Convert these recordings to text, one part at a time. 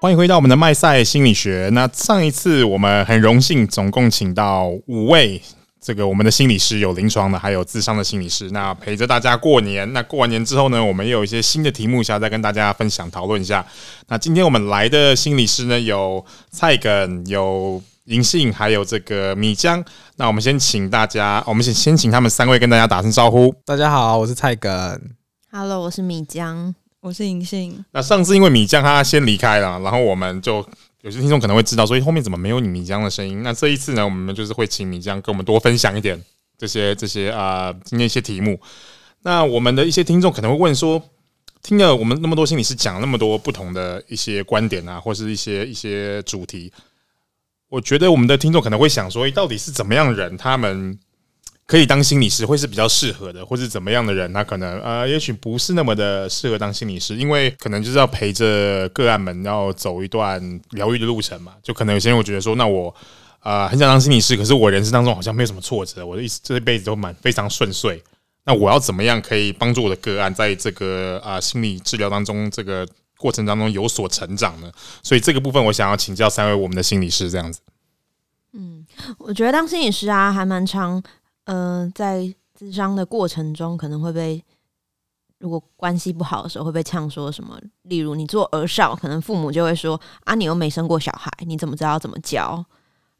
歡迎回到我們的麥賽心理學。那上一次我們很榮幸，總共請到五位這個我們的心理師有臨床的，還有諮商的心理師，那陪着大家過年。那過完年之後呢，我們又有一些新的題目想要再跟大家分享討論一下。那今天我們來的心理師呢，有菜梗，有銀杏，還有這個米漿。那我們先請大家，我們先先請他們三位跟大家打聲招呼。大家好，我是菜梗。Hello，我是米漿。我是銀杏。那上次因為米漿他先離開了，然後我們就有些聽眾可能會知道，所以後面怎麼沒有你米漿的聲音？那這一次呢，我們就是會請米漿跟我們多分享一點這些這些啊、呃、今天一些題目。那我們的一些聽眾可能會問說，聽了我們那麼多心理師講那麼多不同的一些觀點啊，或是一些一些主題，我覺得我們的聽眾可能會想說，哎，到底是怎麼樣人他們？可以當心理師會是比較適合的，或是怎麼樣的人，他可能呃，也許不是那麼的適合當心理師，因為可能就是要陪着個案們，然後走一段療癒的路程嘛。就可能有些人會覺得說，那我啊、呃、很想當心理師，可是我人生當中好像沒有什麼挫折，我的意思，這一輩子都蠻非常順遂。那我要怎麼樣可以幫助我的個案在這個啊、呃、心理治療當中這個過程當中有所成長呢？所以這個部分我想要請教三位我們的心理師，這樣子。嗯，我覺得當心理師啊，還蠻長。嗯、呃，在諮商的過程中，可能會被如果關係不好的時候，會被嗆說什麼？例如，你做兒少，可能父母就會說：“啊，你又沒生過小孩，你怎麼知道要怎麼教？”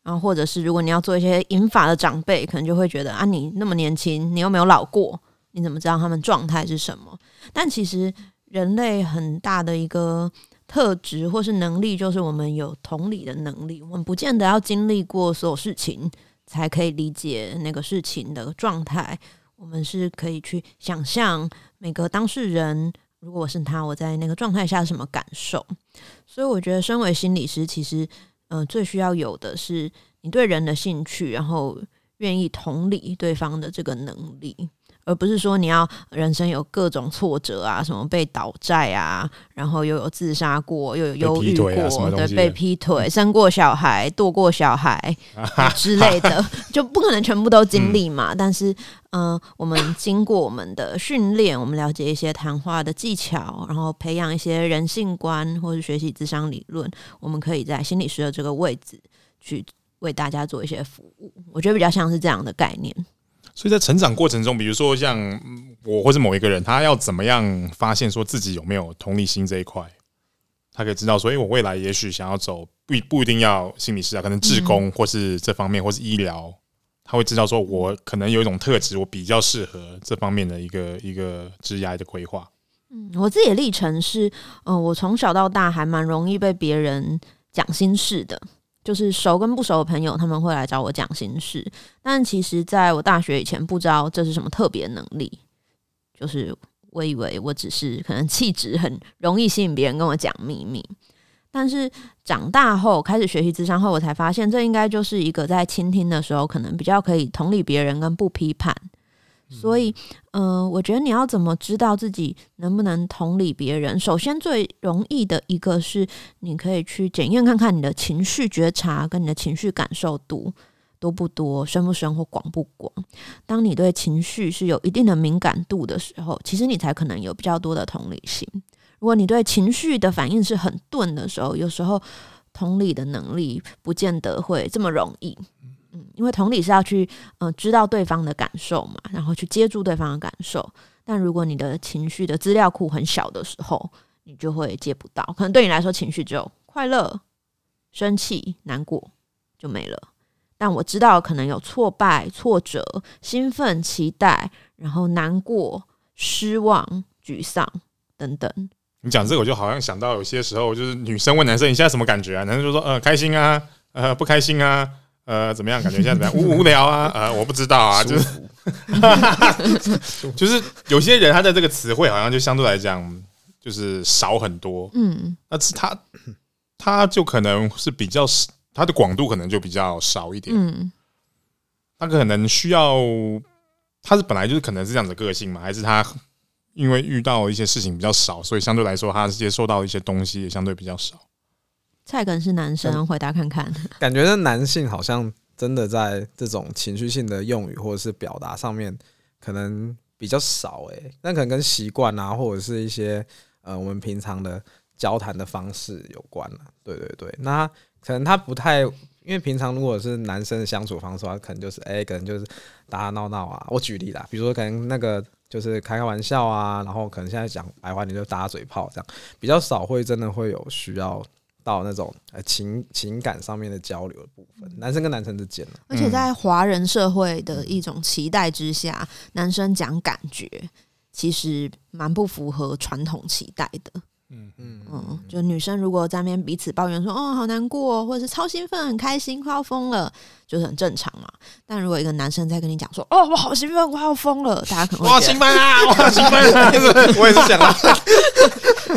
然後，或者是如果你要做一些銀髮的長輩，可能就會覺得：“啊，你那麼年輕，你又沒有老過，你怎麼知道他們狀態是什麼？”但其實，人類很大的一個特質或是能力，就是我們有同理的能力。我們不見得要經歷過所有事情。才可以理解那個事情的狀態。我們是可以去想象每個當事人，如果我是他，我在那個狀態下是什麼感受。所以，我覺得身為心理師，其實，嗯、呃，最需要有的是你對人的興趣，然後願意同理對方的這個能力。而不是說你要人生有各種挫折啊，什麼被倒債啊，然後又有自殺過，又有憂鬱過，啊、對，被劈腿、嗯、生過小孩、墮過小孩、呃、 之類的，就不可能全部都經歷嘛。嗯、但是，嗯、呃，我們經過我們的訓練，我們了解一些談話的技巧，然後培養一些人性觀，或是學習諮商理論，我們可以在心理師的這個位置去為大家做一些服務。我覺得比較像是這樣的概念。所以在成長過程中，比如說像我或是某一個人，他要怎麼樣發現說自己有沒有同理心這一塊？他可以知道說，欸、我未來也許想要走，不不一定要心理師啊，可能志工或是這方面、嗯、或是醫療，他會知道說我可能有一種特質，我比較適合這方面的一個一個職涯的規劃。嗯，我自己的歷程是，嗯、呃，我從小到大還蠻容易被別人講心事的。就是熟跟不熟的朋友，他們會來找我講心事。但其實，在我大學以前，不知道這是什麼特別能力。就是我以為我只是可能氣質很容易吸引別人跟我講秘密。但是長大後開始學習諮商後，我才發現這應該就是一個在傾聽的時候，可能比較可以同理別人跟不批判。所以，嗯、呃，我覺得你要怎麼知道自己能不能同理別人？首先最容易的一個是，你可以去檢驗看看你的情緒覺察跟你的情緒感受度多不多、深不深或廣不廣。當你對情緒是有一定的敏感度的時候，其實你才可能有比較多的同理心。如果你對情緒的反應是很鈍的時候，有時候同理的能力不見得會這麼容易。嗯，因為同理是要去嗯、呃、知道對方的感受嘛，然後去接住對方的感受。但如果你的情緒的資料庫很小的時候，你就會接不到。可能對你來說，情緒只有快樂、生氣、難過就沒了。但我知道，可能有挫敗、挫折、興奮、期待，然後難過、失望、沮喪等等。你講這個，我就好像想到有些時候，就是女生問男生：“你現在什麼感覺啊？”男生就說：“呃，開心啊，呃，不開心啊。”呃，怎麼樣？感覺現在怎麼樣？無無聊啊， 呃，我不知道啊，舒服 就是， 就是有些人他的這個詞彙好像就相對來講就是少很多，嗯，但是他他就可能是比較，他的廣度可能就比較少一點，嗯，他可能需要，他是本來就是可能是這樣的個性嘛，還是他因為遇到一些事情比較少，所以相對來說他接受到一些東西也相對比較少。菜梗是男生，嗯、回答看看，感覺那男性好像真的在這種情緒性的用語或者是表達上面可能比較少哎，欸，那可能跟習慣啊，或者是一些呃我們平常的交談的方式有關，啊、對對對，那可能他不太，因為平常如果是男生的相處方式的話，可能就是哎，欸，可能就是打打鬧鬧啊。我舉例啦，比如說可能那個就是開開玩笑啊，然後可能現在講白話你就打嘴炮這樣，比較少會真的會有需要到那種呃情情感上面的交流的部分，男生跟男生之間、啊，嗯、而且在華人社會的一種期待之下，男生講感覺其實蠻不符合傳統期待的。嗯嗯嗯，嗯嗯就女生如果在那邊彼此抱怨說哦好難過、哦，或者是超興奮很開心快要瘋了，就是很正常嘛。但如果一個男生在跟你講說哦我好興奮快要瘋了，大家可能會哇興奮啊哇興奮、啊， 對 我也是想啦。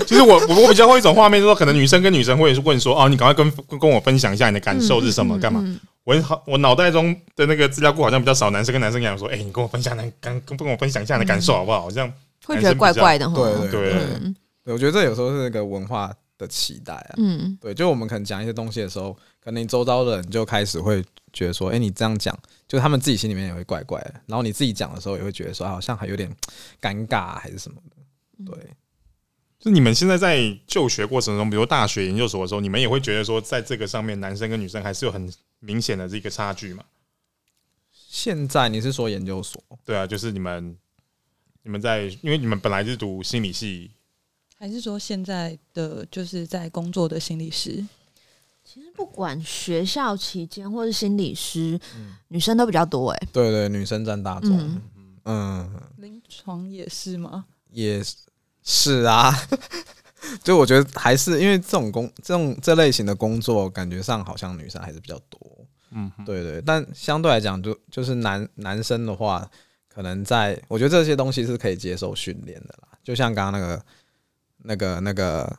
其實 我我我比較會一種畫面就是說，可能女生跟女生會問說哦你趕快跟跟我分享一下你的感受是什麼，幹、嗯嗯、嘛？我好我腦袋中的那個資料庫好像比較少。男生跟男生一樣說哎、欸、你跟我分享跟跟不跟我分享一下你的感受好不好？嗯、這樣會覺得怪怪的，對，對對。對對對嗯我覺得這有時候是那個文化的期待啊，嗯，對，就我們可能講一些東西的時候，可能周遭的人就開始會覺得說，哎、欸，你這樣講，就他們自己心裡面也會怪怪的，然後你自己講的時候也會覺得說，好像還有點尷尬、啊、還是什麼的，對。嗯、就你們現在在就學過程中，比如大學、研究所的時候，你們也會覺得說，在這個上面，男生跟女生還是有很明顯的這個差距嘛？現在你是說研究所？對啊，就是你們，你們在，因為你們本來是讀心理系。還是說現在的就是在工作的心理師，其實不管學校期間或是心理師，嗯、女生都比較多哎、欸。對，對對，女生占大宗。嗯，臨、嗯、床也是嗎？也是，是啊， 就我覺得還是因為這種工這種這類型的工作，感覺上好像女生還是比較多。嗯哼，對，對對，但相對來講，就就是男男生的話，可能在我覺得這些東西是可以接受訓練的啦，就像剛剛那個。那個那個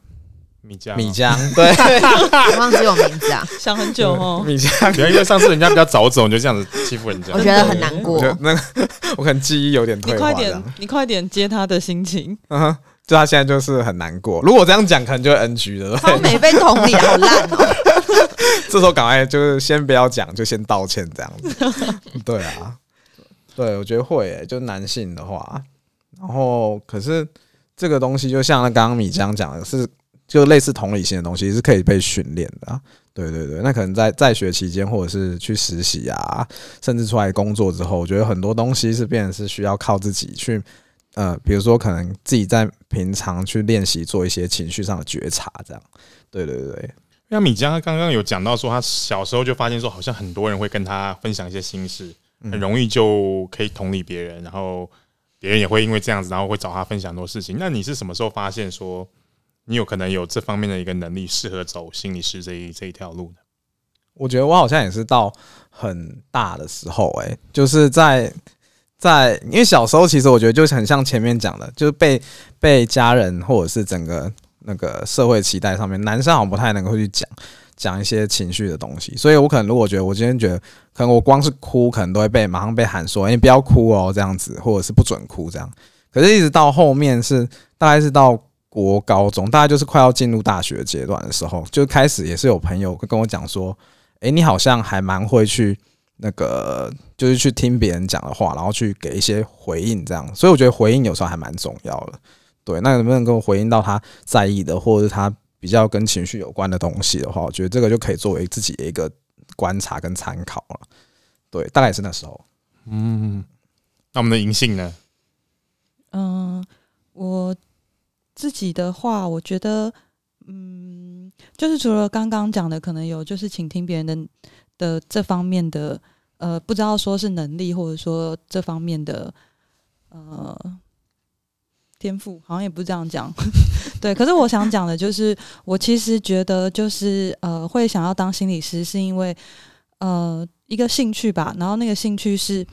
米漿米漿，對，對，忘記我名字啊，想很久哦。嗯、米漿，因為上次人家比較早走， 你就這樣子欺負人家，我覺得很難過。那個，我可能記憶有點。你快點，你快點接他的心情。嗯哼，就他現在就是很難過。如果這樣講，可能就會 NG 的。我沒被同理，好爛哦。 這時候趕快就是先不要講，就先道歉這樣子。 對啊，對，我覺得會、欸、就男性的話，然後可是。這個東西就像剛剛米漿講的，是就類似同理心的東西，是可以被訓練的啊。對對對，那可能在在學期間，或者是去實習啊，甚至出來工作之後，我覺得很多東西是變是需要靠自己去，呃，比如說可能自己在平常去練習做一些情緒上的覺察，這樣。對對對，那米漿他剛剛有講到說，他小時候就發現說，好像很多人會跟他分享一些心事，很容易就可以同理別人，然後。別人也會因為這樣子，然後會找他分享很多事情。那你是什麼時候發現說你有可能有這方面的一個能力，適合走心理師這一這一條路呢？我覺得我好像也是到很大的時候、欸，誒，就是在在，因為小時候其實我覺得就很像前面講的，就是被被家人或者是整個那個社會期待上面，男生好像不太能夠去講。講一些情緒的東西，所以我可能如果覺得我今天覺得可能我光是哭，可能都會被馬上被喊說：“欸，不要哭哦，這樣子，或者是不准哭這樣。”可是，一直到後面是，大概是到國高中，大概就是快要進入大學階段的時候，就開始也是有朋友會跟我講說：“欸，你好像還蠻會去那個，就是去聽別人講的話，然後去給一些回應這樣。”所以我覺得回應有時候還蠻重要的。對，那能不能跟我回應到他在意的，或者是他？比較跟情緒有關的東西的話，我覺得這個就可以作為自己的一個觀察跟參考了。對，大概是那時候。嗯，那我們的銀杏呢？嗯、呃，我自己的話，我覺得，嗯，就是除了剛剛講的，可能有就是傾聽別人的的這方面的，呃，不知道說是能力，或者說這方面的，呃。天賦好像也不是這樣講，對。可是我想講的就是，我其實覺得就是呃，會想要當心理師，是因為呃一個興趣吧。然後那個興趣是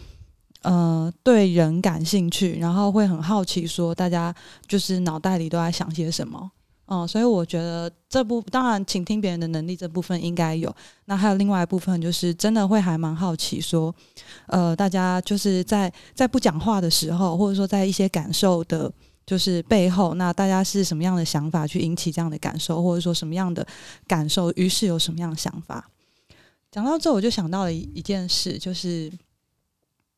呃對人感興趣，然後會很好奇說大家就是腦袋裡都在想些什麼。嗯、呃，所以我覺得這部當然傾聽別人的能力這部分應該有。那還有另外一部分就是真的會還蠻好奇說，呃，大家就是在在不講話的時候，或者說在一些感受的。就是背後那大家是什麼樣的想法去引起這樣的感受，或者說什麼樣的感受，於是有什麼樣的想法？講到這，我就想到了一,一件事，就是，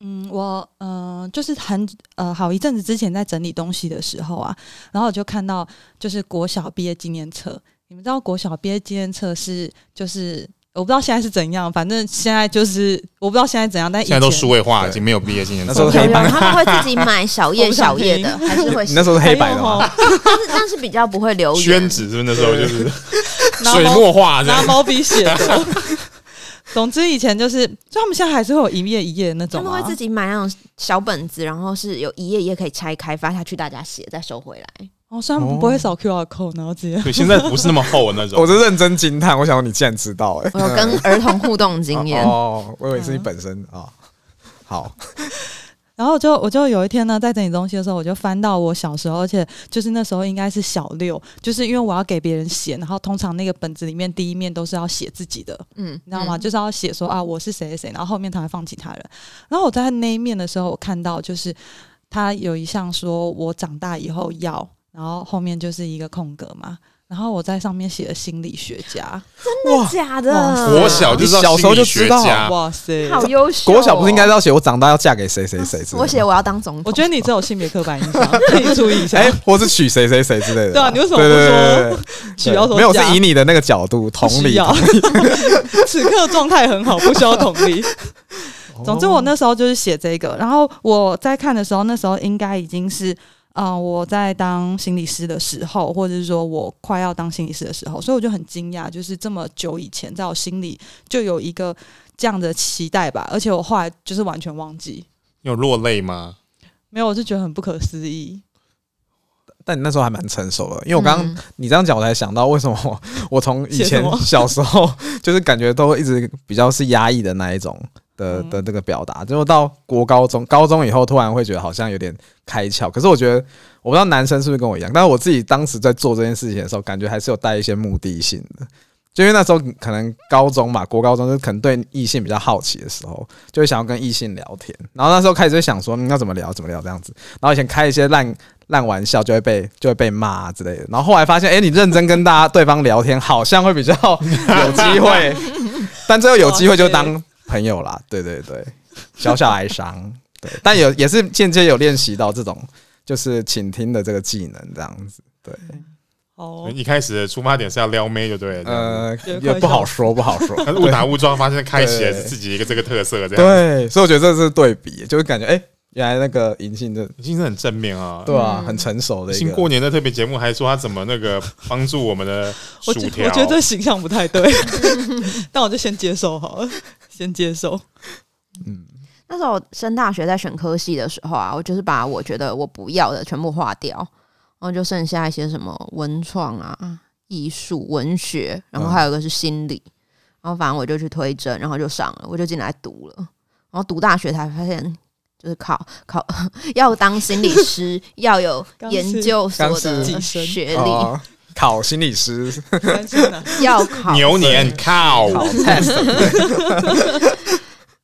嗯，我嗯、呃，就是很呃，好一陣子之前在整理東西的時候啊，然後我就看到就是國小畢業紀念冊，你們知道國小畢業紀念冊是就是。我不知道現在是怎樣，反正現在就是我不知道現在怎樣，但現在都數位化，已經沒有畢業紀念冊了。他們會自己買小頁小頁的，還是會？你那時候是黑白的嗎？但是但是比較不會流。宣紙是不是那時候就是水墨畫，拿毛筆寫的。總之以前就是，就他們現在還是會有一頁一頁那種，他們會自己買那種小本子，然後是有一頁一頁可以拆開發下去，大家寫再收回來。哦，雖然不會掃 Q R code、哦、然後直接。所以現在不是那麼厚的那種。 我是認真驚嘆，我想說你竟然知道哎、欸！我有跟兒童互動經驗 哦，我、哦、以為是你本身啊、嗯哦。好， 然後我就我就有一天呢，在整理東西的時候，我就翻到我小時候，而且就是那時候應該是小六，就是因為我要給別人寫，然後通常那個本子裡面第一面都是要寫自己的，嗯，你知道嗎？嗯、就是要寫說，啊，我是誰誰，然後後面他還放其他人。然後我在那一面的時候，我看到就是他有一項說，我長大以後要。然後後面就是一個空格嘛，然後我在上面寫了心理學家。真的假的？國小就知道？小時候就知道。哇塞，好優秀哦。國小不是應該要寫我長大要嫁給誰誰誰？我寫我要當總統。我覺得你這種性別刻板印象，可以注意一下。哎、 欸，我是娶誰誰誰之類的。 對啊，你為什麼不說娶？沒有，是以你的那個角度同理啊。理 此刻狀態很好，不需要同理。 總之，我那時候就是寫這個，然後我在看的時候，那時候應該已經是。啊、呃！我在當心理師的時候，或者是說我快要當心理師的時候，所以我就很驚訝，就是這麼久以前，在我心裡就有一個這樣的期待吧，而且我後來就是完全忘記。你有落淚嗎？沒有，我是覺得很不可思議。但你那時候還蠻成熟的，因為我剛剛你這樣講，我才想到為什麼我從以前小時候就是感覺都一直比較是壓抑的那一種的的這個表達，就到國高中高中以後，突然會覺得好像有點開竅。可是我覺得我不知道男生是不是跟我一樣，但是我自己當時在做這件事情的時候，感覺還是有帶一些目的性的。就因為那時候可能高中嘛，國高中就可能對異性比較好奇的時候，就會想要跟異性聊天。然後那時候開始就想說、嗯，要怎麼聊，怎麼聊這樣子。然後以前開一些爛爛玩笑，就會被就會被罵之類的。然後後來發現，欸，你認真跟大家對方聊天，好像會比較有機會。但最後有機會就當朋友啦，對對對，小小哀傷。對，但有也是間接有練習到這種就是傾聽的這個技能這樣子，對。哦，oh. 一開始的出發點是要撩妹，就對，呃，也不好說， 不好說，不好說， 對但是誤打誤撞，發現開啟了自己一個這個特色，這樣對，對，所以我覺得這是對比，就會、是、感覺，哎、欸，原來那個銀杏的銀杏是很正面啊，對啊，嗯、很成熟的。銀杏過年的特別節目還說他怎麼那個幫助我們的薯條，我覺得這形象不太對， 但我就先接受好了，先接受。嗯，那時候升大學在選科系的時候啊，我就是把我覺得我不要的全部劃掉。然後就剩下一些什麼文創啊、藝術、文學，然後還有一個是心理。嗯、然後反正我就去推甄，然後就上了，我就進來讀了。然後讀大學才發現，就是考考要當心理師 要有研究所的學歷、啊，考心理師要考牛年對靠。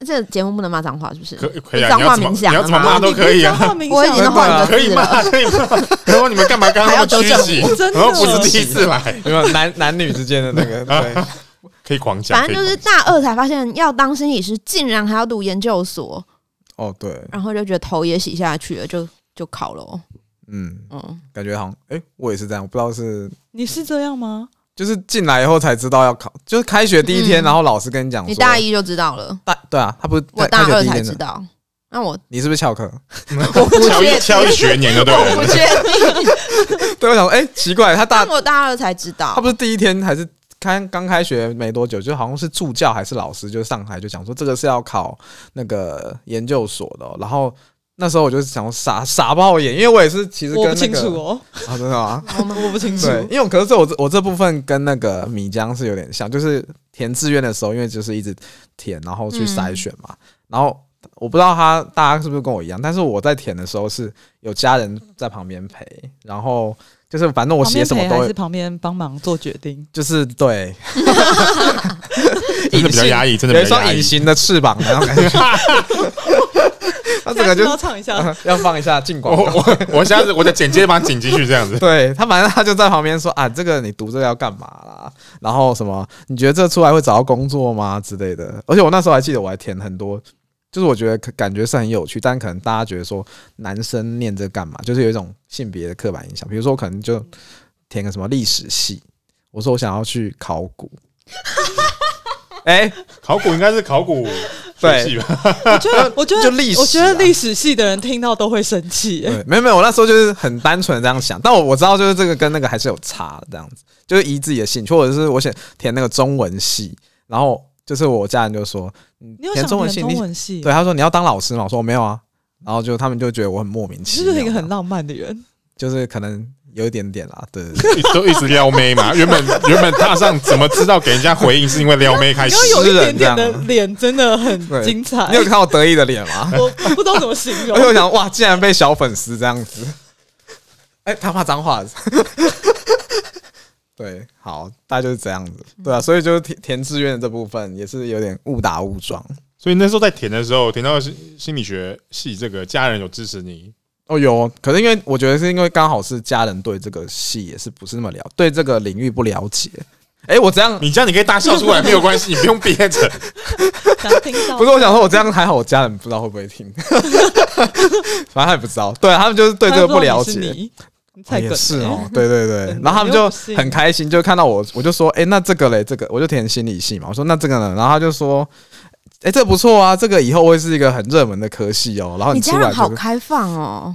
這節目不能罵髒話，是不是？可以啊，髒話明講，你要怎麼罵都可以啊。我已經換了，你可以罵。然後你們幹嘛幹嘛？還要休息？然後不是第一次來，有沒有男男女之間的那個？可以狂講。反正就是大二才發現要當心理師，竟然還要讀研究所。哦，對。然後就覺得頭也洗下去了，就就考了。嗯嗯，感覺好像，哎，我也是這樣。我不知道是你是這樣嗎？就是進來以後才知道要考，就是開學第一天，然後老師跟你講說，嗯，你大一就知道了，大對啊，他不是我大二才知道，那我你是不是翹課？我翹一,一學年就對了？ 對，我想說，哎、欸，奇怪，他大我大二才知道，他不是第一天還是開剛開學沒多久，就好像是助教還是老師就上台就講說，這個是要考那個研究所的，然後。那時候我就想傻傻一眼，因為我也是其實跟那個啊，真的啊，我不清楚，因為可是我我這部分跟那個米漿是有點像，就是填志願的時候，因為就是一直填，然後去篩選嘛。嗯、然後我不知道他大家是不是跟我一樣，但是我在填的時候是有家人在旁邊陪，然後就是反正我寫什麼都旁邊幫忙做決定，就是對 形，隱形一雙隱形的翅膀那種感覺。 他這個就要放一下，要放一下。儘管我我下次我就剪接把它剪進去這樣子。 對，他反正他就在旁邊說啊，這個你讀這個要幹嘛啦？然後什麼？你覺得這出來會找到工作嗎？之類的。而且我那時候還記得我還填很多，就是我覺得感覺是很有趣，但可能大家覺得說，男生念這幹嘛？就是有一種性別的刻板印象。比如說我可能就填個什麼歷史系，我說我想要去考古。 哎，欸、考古應該是考古系我覺得，我覺得就歷史，啊，我覺得歷史系的人聽到都會生氣欸。沒有，沒有，我那時候就是很單純的這樣想，但我我知道就是這個跟那個還是有差，這樣子就是以自己的興趣，或者是我想填那個中文系，然後就是我家人就說，你填中文系，中文系，對他說你要當老師嘛，我說我沒有啊，然後就他們就覺得我很莫名其妙，是一個很浪漫的人，就是可能。有一點點啦，對，對，對，都一直撩妹嘛。原本原本踏上，怎麼知道給人家回應？是因為撩妹開始。有一點點的臉真的很精彩、啊。你有看我得意的臉嗎我？我不知道怎麼形容。我就想，哇，竟然被小粉絲這樣子。哎、欸，他怕髒話。 對，好，大概就是這樣子。對啊，所以就是填填志願的這部分也是有點誤打誤撞。所以那時候在填的時候，填到是心理學系，這個家人有支持你？哦，有，可是因為我覺得是因為剛好是家人對這個系也是不是那麼了解，對這個領域不了解。誒、欸，我這樣，你這樣你可以大笑出來沒有關係， 你不用憋着。 聽不是，我想說，我這樣還好，我家人不知道會不會聽。 反正他也不知道，對他們就是對這個不了解，你是你哦、也是哦，對對對。 然後他們就很開心，就看到我，我就說，誒、欸，那這個嘞？這個我就填心理系嘛。我說那這個呢，然後他就說。哎、欸，這個、不錯啊！這個以後會是一個很熱門的科系哦。然後你家人好開放哦，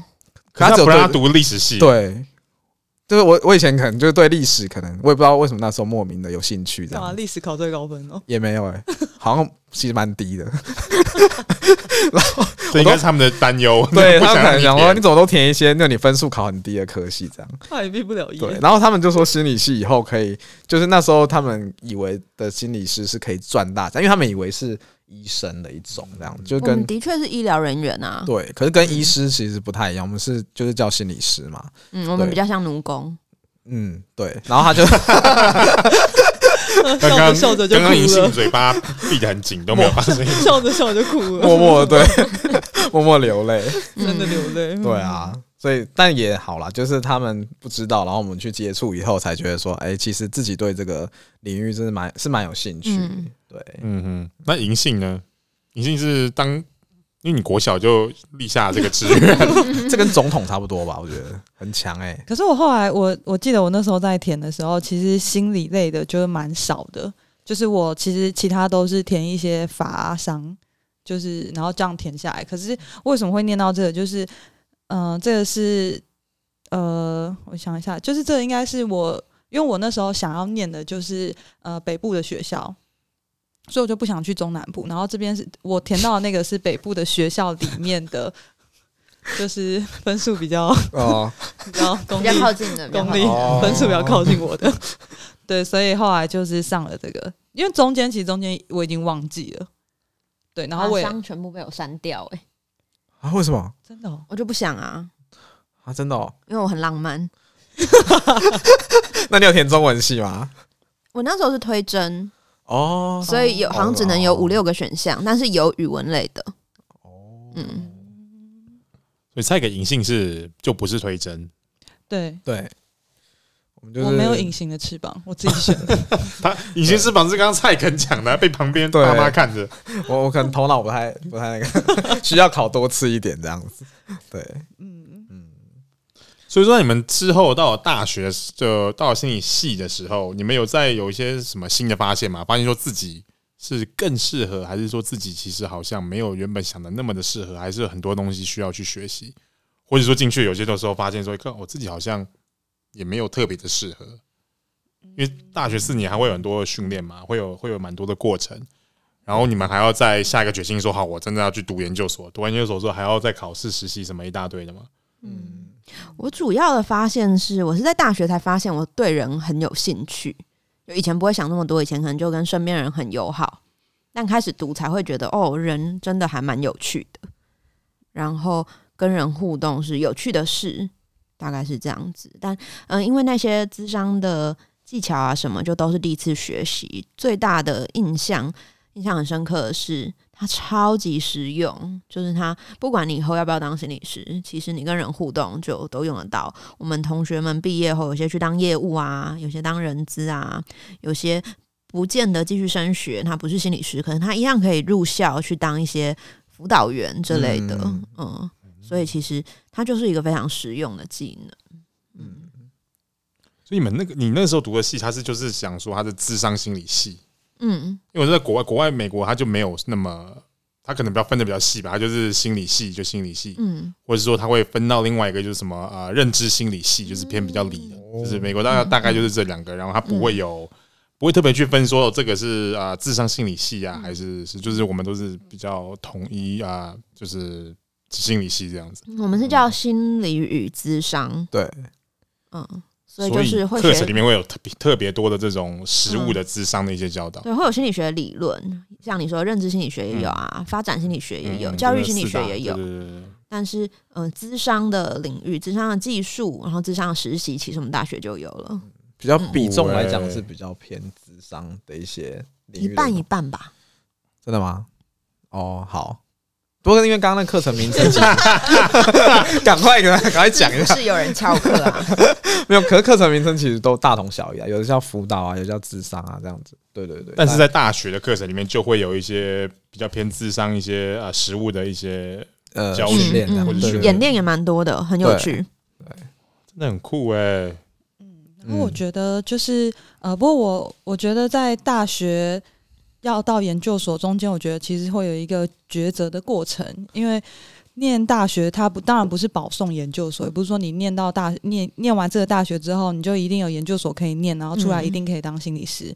可他只有可不讓他讀歷史系、啊。對，對我我以前可能就對歷史，可能我也不知道為什麼那時候莫名的有興趣的。歷、啊、史考最高分哦？也沒有哎、欸，好像其實蠻低的。 然後所以應該是他們的擔憂， 都對，他們可能想說你怎麼都填一些，那你分數考很低的科系這樣，那也畢不了業。然後他們就說心理系以後可以，就是那時候他們以為的心理師是可以賺大錢，因為他們以為是醫生的一種這樣，就跟的確是醫療人員啊，對，可是跟醫師其實不太一樣，我們是就是叫心理師嘛，嗯，我們比較像奴工，嗯，對，然後他就笑着笑着就哭了，剛剛剛剛銀杏嘴巴閉得很緊都沒有發出聲音，笑着笑着就哭了，默默對默默流淚，真的流淚，對啊。對，但也好啦，就是他們不知道，然後我們去接觸以後，才覺得說，哎、欸，其實自己對這個領域真是蠻是蠻有興趣。嗯、對，嗯哼，那銀杏呢？銀杏是當，因為你國小就立下了這個志願， 這跟總統差不多吧？我覺得很強哎、欸。可是我後來，我我記得我那時候在填的時候，其實心理類的就是蠻少的，就是我其實其他都是填一些法商，就是然後這樣填下來。可是為什麼會念到這個？就是。嗯、呃，這個是，呃，我想一下，就是這個應該是我，因為我那時候想要念的就是呃北部的學校，所以我就不想去中南部。然後這邊是我填到的那個是北部的學校裡面的， 就是分數比較、哦、比較公比較靠近的，公立分數比較靠近我的，對，所以後來就是上了這個，因為中間其實中間我已經忘記了，對，然後我、啊、全部被我刪掉、欸，啊？為什麼？真的、哦，我就不想啊！啊，真的哦！因為我很浪漫。 那你有填中文系嗎？我那時候是推甄哦，所以有、哦、好像只能有五六個選項，哦哦、但是有語文類的。哦，嗯，所以猜給銀杏是就不是推甄對對。對我、就是哦、沒有隱形的翅膀，我自己選的。 他隱形翅膀是剛剛菜梗講的，被旁邊爸媽看着。我我可能頭腦不太不太那個，需要考多次一點這樣子。對，嗯嗯。所以說，你們之後到大學，就到了心理系的時候，你們有在有一些什麼新的發現嗎？發現說自己是更適合，還是說自己其實好像沒有原本想的那麼的適合？還是有很多東西需要去學習？或者說進去有些的時候發現說，看、哦、我自己好像。也沒有特別的適合，因為大學四年還會有很多訓練嘛會，會有會有蠻多的過程，然後你們還要再下一個決心說好，我真的要去讀研究所，讀完研究所之後還要再考試、實習什麼一大堆的嘛。嗯，我主要的發現是我是在大學才發現我對人很有興趣，就以前不會想那麼多，以前可能就跟身邊人很友好，但開始讀才會覺得哦，人真的還蠻有趣的，然後跟人互動是有趣的事。大概是這樣子，但嗯，因為那些諮商的技巧啊什麼，就都是第一次學習。最大的印象，印象很深刻的是，它超級實用。就是它不管你以後要不要當心理師，其實你跟人互動就都用得到。我們同學們畢業後，有些去當業務啊，有些當人資啊，有些不見得繼續升學，他不是心理師，可是他一樣可以入校去當一些輔導員之類的。嗯，嗯，所以其實。它就是一個非常實用的技能，嗯，所以你們那個，你那時候讀的系，它是就是想說它的諮商心理系，嗯，因為我在國外，國外美國它就沒有那麼，它可能得比較分的比較細吧，它就是心理系就心理系，嗯，或者說它會分到另外一個就是什麼，呃，認知心理系，就是偏比較理，的。嗯、就是美國大概大概就是這兩個，嗯、然後它不會有、嗯、不會特別去分說這個是啊諮、呃、商心理系啊，嗯、還是是就是我們都是比較統一啊，就是。心理系這樣子，我們是叫心理與諮商、嗯。對，嗯，所以就是課程裡面會有特別特別多的這種實務的諮商的一些教導、嗯。對，會有心理學理論，像你說認知心理學也有啊，嗯、發展心理學也有，嗯、教育心理學也有。是但是，嗯，諮、呃、商的領域、諮商的技術，然後諮商的實習，其實我們大學就有了。嗯、比較比重、欸、來講是比較偏諮商的一些領域，領域，一半一半吧？真的嗎？哦，好。不過，因為剛剛那課程名稱，趕快給他趕快講一下，是，是有人翹課啊？ 沒有，可是課程名稱其實都大同小異啊，有的叫輔導啊，有的叫諮商啊，這樣子。對對對。但是在大學的課程裡面，就會有一些比較偏諮商一些啊，實務的一些呃演練啊，或者演練也蠻多的，很有趣。對，啊、對，真的很酷哎、欸。嗯，然後我覺得就是呃，不過我我覺得在大學。要到研究所中間，我覺得其實會有一個抉擇的過程，因為念大學它不當然不是保送研究所，也不是說你念到大念念完這個大學之後，你就一定有研究所可以念，然後出來一定可以當心理師。嗯。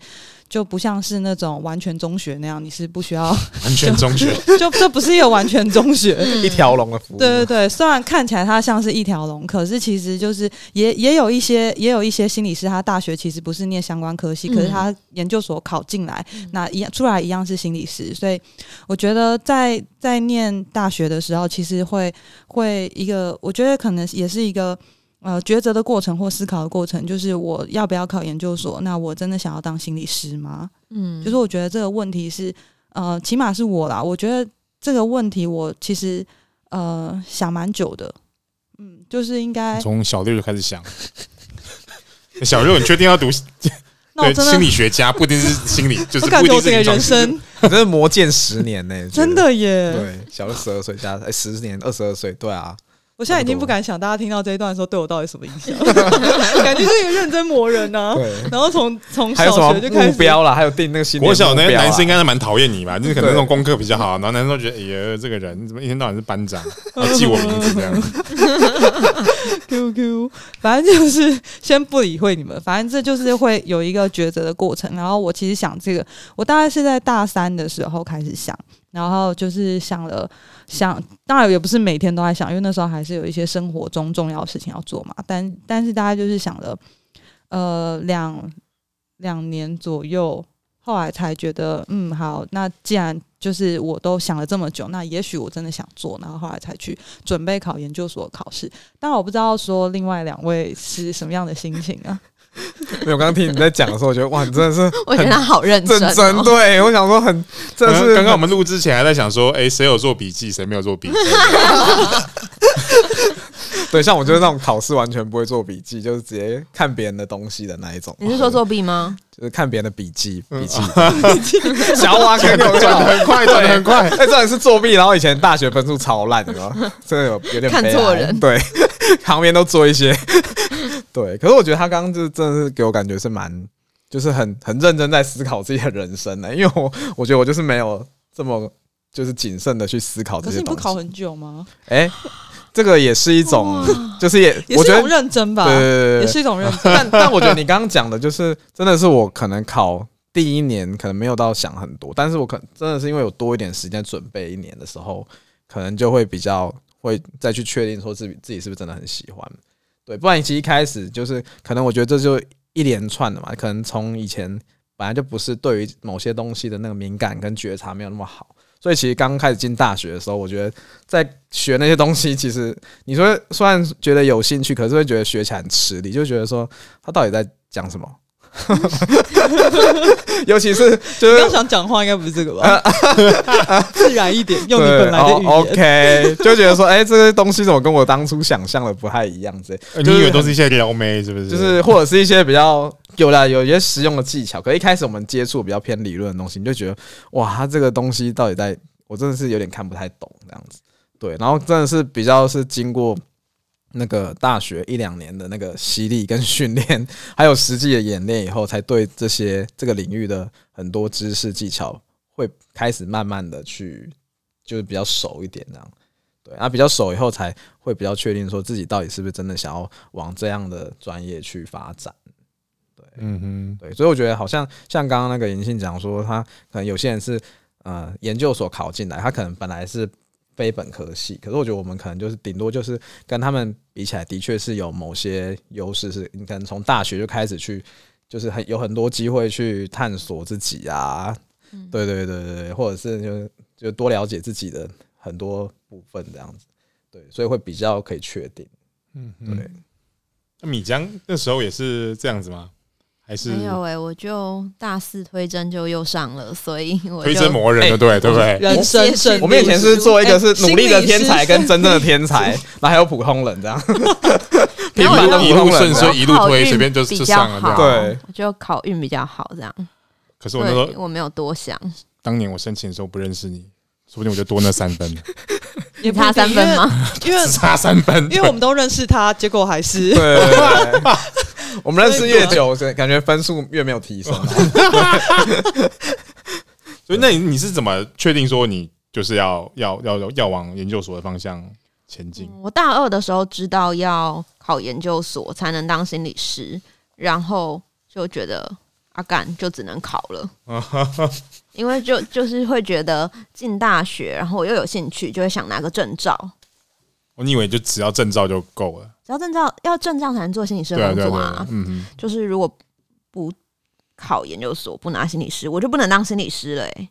就不像是那種完全中學那樣，你是不需要完全中學，就這不是一個完全中學一條龍的服務。對對對，雖然看起來它像是一條龍，可是其實就是也也有一些也有一些心理師，他大學其實不是念相關科系，嗯、可是他研究所考進來，那一樣出來一樣是心理師。所以我覺得在在念大學的時候，其實會會一個，我覺得可能也是一個。呃，抉擇的過程或思考的過程，就是我要不要考研究所？那我真的想要當心理師嗎？嗯，就是我覺得這個問題是，呃，起碼是我啦。我覺得這個問題我其實呃，想蠻久的，嗯，就是應該從小六就開始想。 欸、小六，你確定要讀？ 對， 對心理學家？不一定是心理， 就是不一定是人 生， 真的磨劍十年呢、欸， 真的耶。對，小六十二歲加十年，欸、十年二十二歲，對啊。我現在已經不敢想，大家聽到這一段的時候對我到底什麼印象？感覺是一個認真磨人呢、啊。然後從從小學就開始。目標了，還有定那個心理。我小那男生應該是蠻討厭你吧？就是可能那種功課比較好，然後男生都覺得，哎呀，這個人怎麼一天到晚是班長，要記我名字這樣子。哈哈哈哈。QQ，反正就是先不理會你們，反正這就是會有一個抉擇的過程。然後我其實想這個，我大概是在大三的時候開始想。然後就是想了想，當然也不是每天都在想，因為那時候還是有一些生活中重要的事情要做嘛。但但是大家就是想了，呃，兩兩年左右，後來才覺得，嗯，好，那既然就是我都想了這麼久，那也許我真的想做，然後後來才去準備考研究所考試。但我不知道說另外兩位是什麼樣的心情啊。 沒有，我剛聽你在講的時候，我覺得哇，你真的是正正，我覺得他好認真。哦對，對我想說很，這是剛剛我們錄之前還在想說，哎、欸，誰有做筆記，誰沒有做筆記。 對，像我就是那種考試完全不會做筆記，就是直接看別人的東西的那一種。你是說作弊嗎？就是看別人的筆記，筆記，小蛙看懂轉很快，對，很快。哎，這還是作弊。然後以前大學分數超爛，你知道嗎？真的有有點。看錯人。對，旁邊都做一些。對，可是我覺得他剛剛就真的是給我感覺是蠻，就是很很認真在思考自己的人生呢、欸。因為我我覺得我就是沒有這麼就是謹慎的去思考這些東西、欸。可是你不考很久嗎？哎。欸這個也是一種，就是也，也是種認真吧。對，對，對，也是一種認真。但但我覺得你剛剛講的，就是真的是我可能考第一年，可能沒有到想很多。但是我可真的是因為有多一點時間準備一年的時候，可能就會比較會再去確定說自己自己是不是真的很喜歡。對，不然你其實一開始就是可能我覺得這就一連串的嘛。可能從以前本來就不是對於某些東西的那個敏感跟覺察沒有那麼好。所以其實剛開始進大學的時候，我覺得在學那些東西，其實你說雖然覺得有興趣，可是會覺得學起來很吃力，就覺得說他到底在講什麼。 尤其是，就是正常講話，應該不是這個吧？自然一點，用你本來的語言。O K，就覺得說，哎，這個東西怎麼跟我當初想象的不太一樣？這，你以為都是一些撩妹，是不是？就是或者是一些比較有啦，有一些實用的技巧。可是一開始我們接觸比較偏理論的東西，你就覺得哇，它這個東西到底在我真的是有點看不太懂這樣子。對，然後真的是比較是經過。那個大學一兩年的那個洗禮跟訓練，還有實際的演練以後，才對這些這個領域的很多知識技巧，會開始慢慢的去，就是比較熟一點，這樣。對，啊，比較熟以後，才會比較確定說自己到底是不是真的想要往這樣的專業去發展對，嗯哼。對，嗯嗯，對，所以我覺得好像像剛剛那個銀杏講說，他可能有些人是，呃，研究所考進來，他可能本來是。非本科系，可是我覺得我們可能就是頂多就是跟他們比起來，的確是有某些優勢，是你可能從大學就開始去，就是很有很多機會去探索自己啊，對、嗯、對對對，或者是就就多了解自己的很多部分這樣子，對，所以會比較可以確定，嗯哼，對。那米漿那時候也是這樣子嗎？沒有哎，我就大四推甄就又上了，所以我就推甄磨人的，對對不對？人生，我們以前是做一個是努力的天才跟真正的天才，然後還有普通人這樣，哈哈哈一路順順一路推，隨便就上了，對，就考運比較好這樣。可是我說我沒有多想，當年我申請的時候不認識你，說不定我就多那三分。你差三分嗎？因為差三分，因為我們都認識他，結果還是對。我們認識越久，啊、感覺分數越沒有提升 對。 所以那你，那你是怎麼確定說你就是要要要要往研究所的方向前進？我大二的時候知道要考研究所才能當心理師，然後就覺得阿幹、啊、就只能考了， 因為就就是會覺得進大學，然後我又有興趣，就會想拿個證照。我以為就只要證照就夠了，只要證照，要證照才能做心理師的工作啊。對對對嗯、就是如果不考研究所，不拿心理師，我就不能當心理師嘞、欸。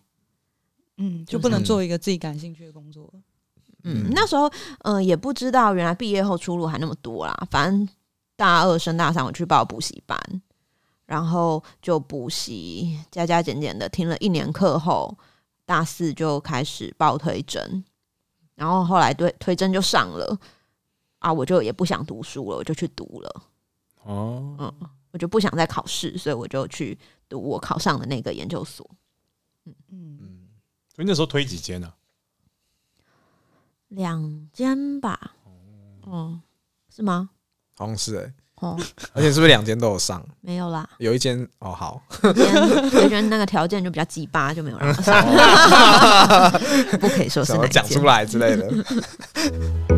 嗯，就不能做一個自己感興趣的工作。嗯，嗯，那時候嗯、呃、也不知道，原來畢業後出路還那麼多啦。反正大二升大三，我去報補習班，然後就補習加加減減的聽了一年課後，大四就開始報推甄。然後後來對推推甄就上了啊，我就也不想讀書了，我就去讀了。哦、嗯，我就不想再考試，所以我就去讀我考上的那個研究所。嗯嗯嗯，所以那時候推幾間呢、啊？兩間吧。哦,哦，是嗎？好像是哎、欸。哦，而且是不是兩間都有上？啊，沒有啦，有一間哦，好，我覺得那個條件就比較雞巴，就沒有讓他上， 不可以說是講出來之類的。